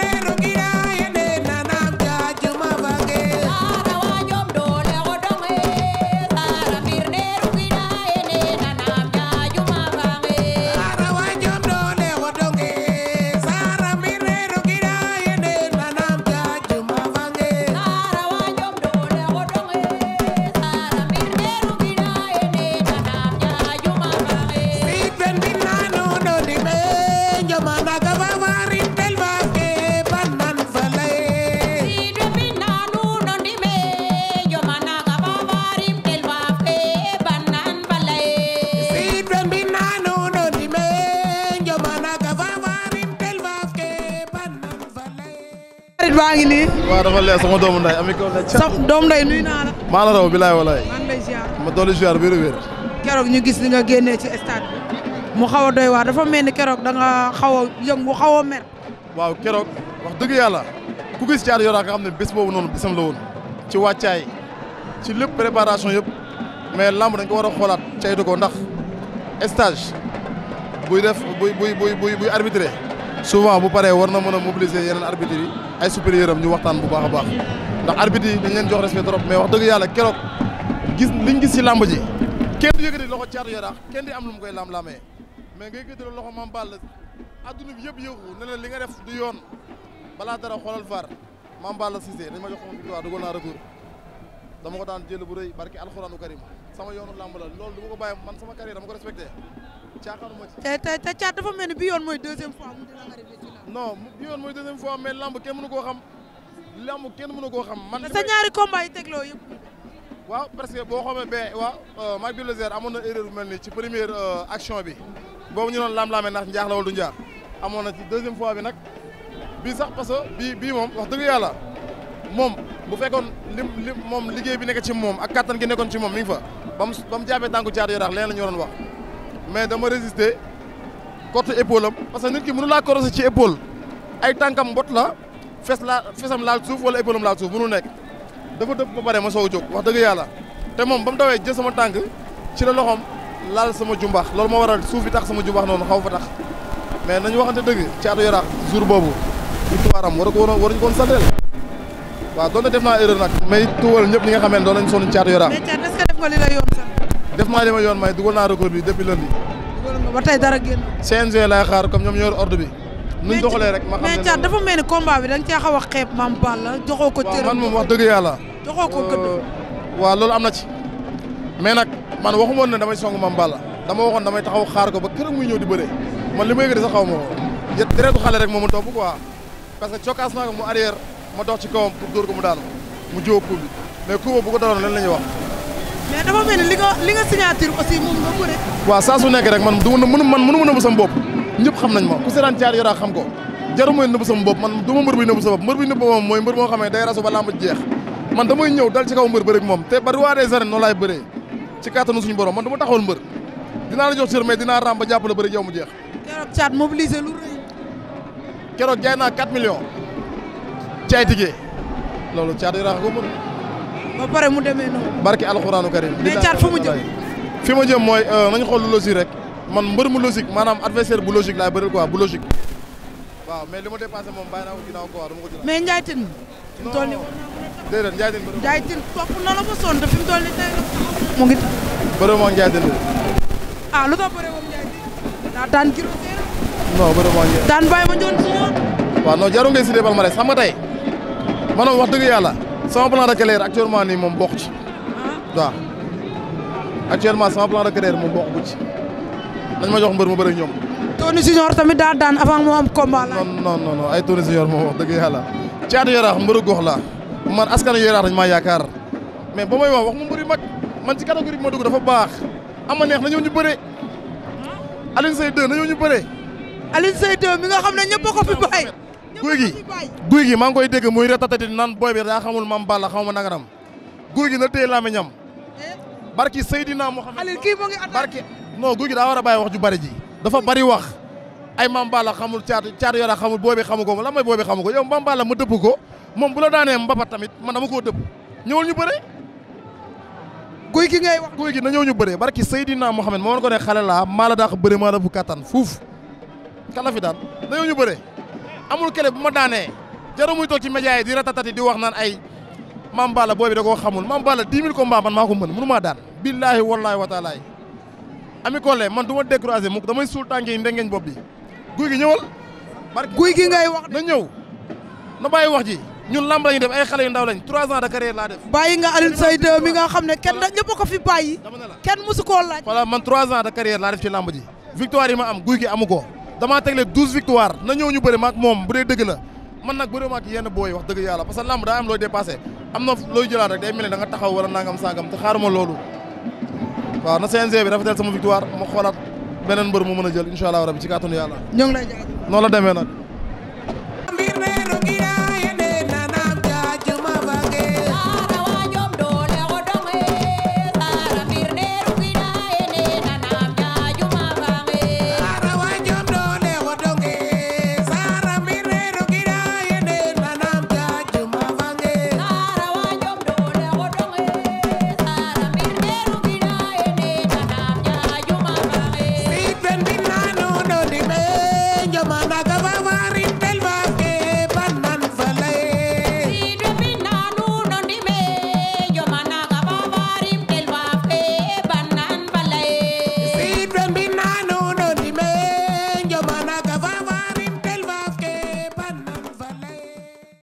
pero baa ngi nii. waaw dafa leer sama doomu nday ami kaw sa doomu nday nuyu naa la. maa la raw bilaay walaay. maa ngi lay ma dolli ziar wér wér. keroog ñu gis li nga génnee ci stade mu xaw a doy waar dafa mel ni keroog da nga xaw a yëngu xaw a mer. waaw keroog wax dëgg yàlla ku gis caar yoraa nga xam ne bés boobu noonu bésam la woon ci wàccaay ci lépp préparation yëpp mais lamb dañ ko war a xoolaat caytu ko ndax stage buy def buy buy buy buy arbitré. souvent bu paree war na mën a mobiliser yeneen arbitres yi ay supérieur ñu waxtaan bu baax baax ndax arbitres yi dañ leen jox respect trop mais wax dëgg yàlla keroog gis liñ gis ci làmb ji kenn du yëkkati loxo caatu yaraax kenn di am lu mu koy lam-lamee mais nga yëkkati loxo Mame a adduna bi yëpp yëngu ne la li nga def du yoon balaa dara xoolal far Mame Balla Cissé dañ ma jox xama victoire dugal naa retour dama ko daan jël bu rëy barki alxuraanu karim man sama carrière dama ko respecté te te te Thiat dafa mel ni bi yoon mooy deuxième fois mu dina arrivé ci lamb. non bi yoon mooy deuxième lamb kenn mënu koo xam lamb kenn mënu koo xam. man na ñaari combat yi tegloo yëpp. waaw parce que boo xoolee ba waaw euh, Maguette Lazer amoon na erreur bu mel ni ci première euh, action bi boobu ñu doon lam-laamee ndax njaax la wala du njaax amoon na ci deuxième fois bi nag bii sax parce que bii bii moom wax dëgg yàlla moom bu fekkoon lim lim moom liggéey bi nekk ci moom ak gi nekkoon ci moom mi ngi fa ba mu ba mu Yaraax la ñu waroon wax. mais dama résister côté épaule am parce que nit ki mënu laa corosé ci épaule ay tànkam mbot la fes laa fesam laal suuf wala épaule am laal suuf mënu nekk dafa dëpp ba pare ma soog a jóg wax dëgg yàlla te moom ba mu dawee jël sama tànk ci la loxoom laal sama jumbax loolu moo waral suuf bi tax sama jumbax noonu xaw fa tax mais nañu waxante dëgg ci atu yaraax jour boobu victoiram war ko woon waruñu ko woon santeel waaw doonte def naa erreur nag may tuwal ñëpp nga xam ne doon nañu sonn def maa li yoon may dugal naa record bi depuis lundi. ba tey dara génn. CNG laay xaar comme ñoom ñoo ordre bi. nuñ doxalee rek ma xam ne mais Thiat dafa mel ni combat bi da nga xaw a xeeb Mame Balla ko. man moom wax dëgg yàlla. joxoo ko gëdd. Euh, waaw loolu am na ci. mais nag man waxu woon ne damay song Mame Balla dama waxoon damay taxaw xaar ko ba këram muy ñëw di bëree man li ma yëg di sax xaw ma ko. deretu xale rek moo ma topp quoi parce que cokkaas naa ko mu arrière ma dox ci kawam pour dóor ko mu daanu mu jiw a kuub bi mais la ñuy wax mais dafa mel ni li nga li nga signature aussi moom nga bëre. su nekk rek man du ma mën man mënu ma nëbb sama bopp ñëpp xam nañ ma ku seetaan caar yaraa xam ko jaru mooy nëbb sama bopp man du ma mbër buy nëbb sama bopp mbër buy nëbb moom mooy mbër moo xam ne day rasu ba lamb jeex man damay ñëw dal ci kaw mbër bëri moom te ba roi des arènes noonu laay bëree ci kattanu suñu borom man du ma taxawal mbër dinaa la jox sër mais dinaa ram ba jàppale bëri yow mu jeex keroog caat mobilisé lu rëy keroog jaay naa 4 millions caay loolu caat yaraa ko mën ba pare mu demee noonu. barki alxuraanu karim. mais caat fu mu fi ma jëm mooy euh, nañu xool lu logique rek man mbër mu logique maanaam adversaire bu logique laay bëril bu logique. waaw mais li ma dépassé moom bàyyi naa ko ginnaaw ko na la ba sonn te fi mu toll nii tey mu ngi. bëre moo Ndiaye Tine. ah lu tax bëre moom Ndiaye Tine. daa daan kilo teel. non bëre moo Ndiaye. ma ñëwoon si ñoom. waaw non jarul ngay wax dëgg yàlla sama plan de carrière actuellement ni moom bokk ci ah. waaw actuellement sama plan de carrière moom bokk bu ci nañ ma jox mbër ma bëri ñoom. Tony Junior tamit daa daan avant moo am combat la. non non non ay Tony Junior moom wax dëgg yàlla caatu Yaraax mbëru gox la man askan wi Yaraax dañ maa yaakaar mais ba may wax wax mu mbëri mag man ci catégorie bi ma dugg dafa baax ama neex na ñëw ñu bëree ah. Alioune Seye 2 na ñëw ñu bëree. Alioune Seye 2 mi nga xam ne ñëpp a guy gi guy gi maa ngi koy dégg muy retatati naan booy bi daa xamul mam Balla xaw ma nangaram guy gi na téye làmmiñam barki Seydina Mohamed Aliou kii moo ngi attaqué barki non guy gi daa war a bàyyi wax ju bari ji dafa bari wax ay mam Balla xamul caatu caatu yora xamul booy bi xamu ko lan mooy booy bi xamu ko yow mam Balla ma dëpp ko moom bu la daanee mbapat tamit man dama koo dëpp ñëwal ñu bëre guy gi ngay wax guy gi na ñëw ñu bëree barki Seydina Mohamed moo ko ne xale laa maa la daax bëri maa bu kattan fuuf kan amul kele bu ma daanee jarul muy toog ci média yi di ratatati di wax naan ay Mame Balla booy bi da koo xamul Mame Balla 10 000 combats man maa ko mën mënu maa daan. billaahi wallaahi wa taala Ami Collé man du ma découragé mukk damay suul tànk yi ndengeñ bopp bi guy gi ñëwal. guy gi ngay wax na ñëw na bàyyi wax ji. ñun lamb lañu def ay xale yu ndaw lañ trois ans nga Alioune Seye 2 nga xam ne kenn da ñëpp fi bàyyi. kenn musu laaj. voilà man trois ans de carrière laa def ci lamb ji. victoire am guy gi amu ko. damaa tegle douze victoire na ñëw ñu bëri maag moom bu dee dëgg la man nag bëri maag yenn booy wax dëgg yàlla parce que làmb daa am looy dépassé am na looy jëlaat rek day mel ne da nga taxaw wala nangam sangam te xaaruma loolu waaw na CNG bi rafetal sama victoire ma xoolaat beneen mbër mu mën a jël incha allah rabi ci kàttanu yàlla. ñoo ngi la demee nag.